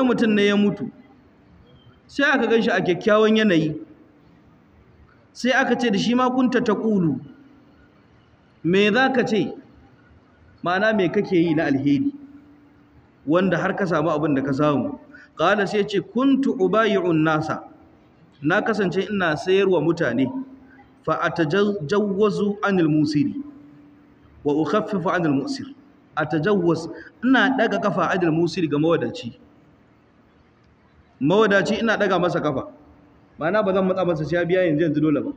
sai mutum ne ya mutu sai aka gan shi a kyakkyawan yanayi sai aka ce da shi ma ta ƙulu me za ka ce ma'ana me kake yi na alheri wanda har ka samu abin da ka samu ƙala sai ce kuntu ubayi'un nasa na kasance ina sayarwa mutane fa atajawwazu anil musiri wa ukhaffifu anil musir atajawwaz ina ɗaga kafa anil musiri ga mawadaci mawadaci ina daga masa kafa mana ba zan matsa masa shi ya biya yanzu yanzu dole ba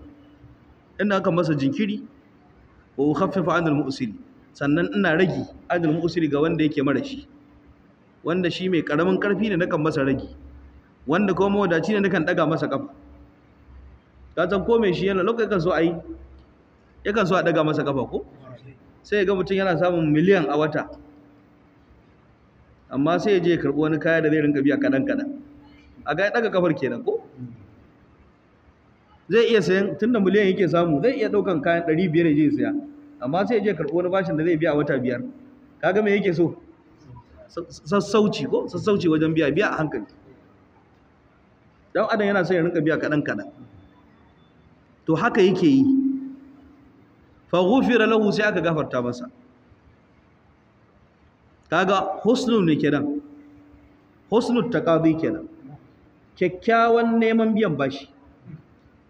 ina kan masa jinkiri wa ukhaffifa anil mu'siri sannan ina ragi anil mu'siri ga wanda yake mara shi wanda shi mai karamin karfi ne nakan masa ragi wanda kuma mawadaci ne nakan daga masa kafa ka san ko mai shi yana lokacin kan so ai yakan so a daga masa kafa ko sai ga mutum yana samun miliyan a wata amma sai ya je ya karɓi wani kaya da zai rinka biya kaɗan-kaɗan a ga daga kafar kenan ko zai iya sayan tunda miliyan yake samu zai iya daukan kayan 500 ya je saya amma sai ya je karbo wani bashin da zai biya wata biyar kaga me yake so sassauci ko sassauci wajen biya biya a hankali dan adam yana son ya rinka biya kadan kadan to haka yake yi fa ghufira lahu sai aka gafarta masa kaga husnul ne kenan husnul taqadi kenan kyakkyawan neman biyan bashi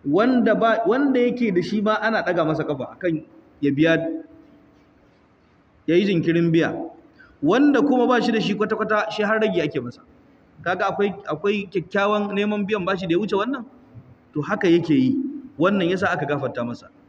wanda ba wanda yake da shi ba ana daga masa kafa akan ya biya yayi jinkirin biya wanda kuma ba shi da shi kwata kwata shi har rage ake masa kaga akwai akwai kyakkyawan neman biyan bashi da ya wuce wannan to haka yake yi wannan yasa aka gafarta masa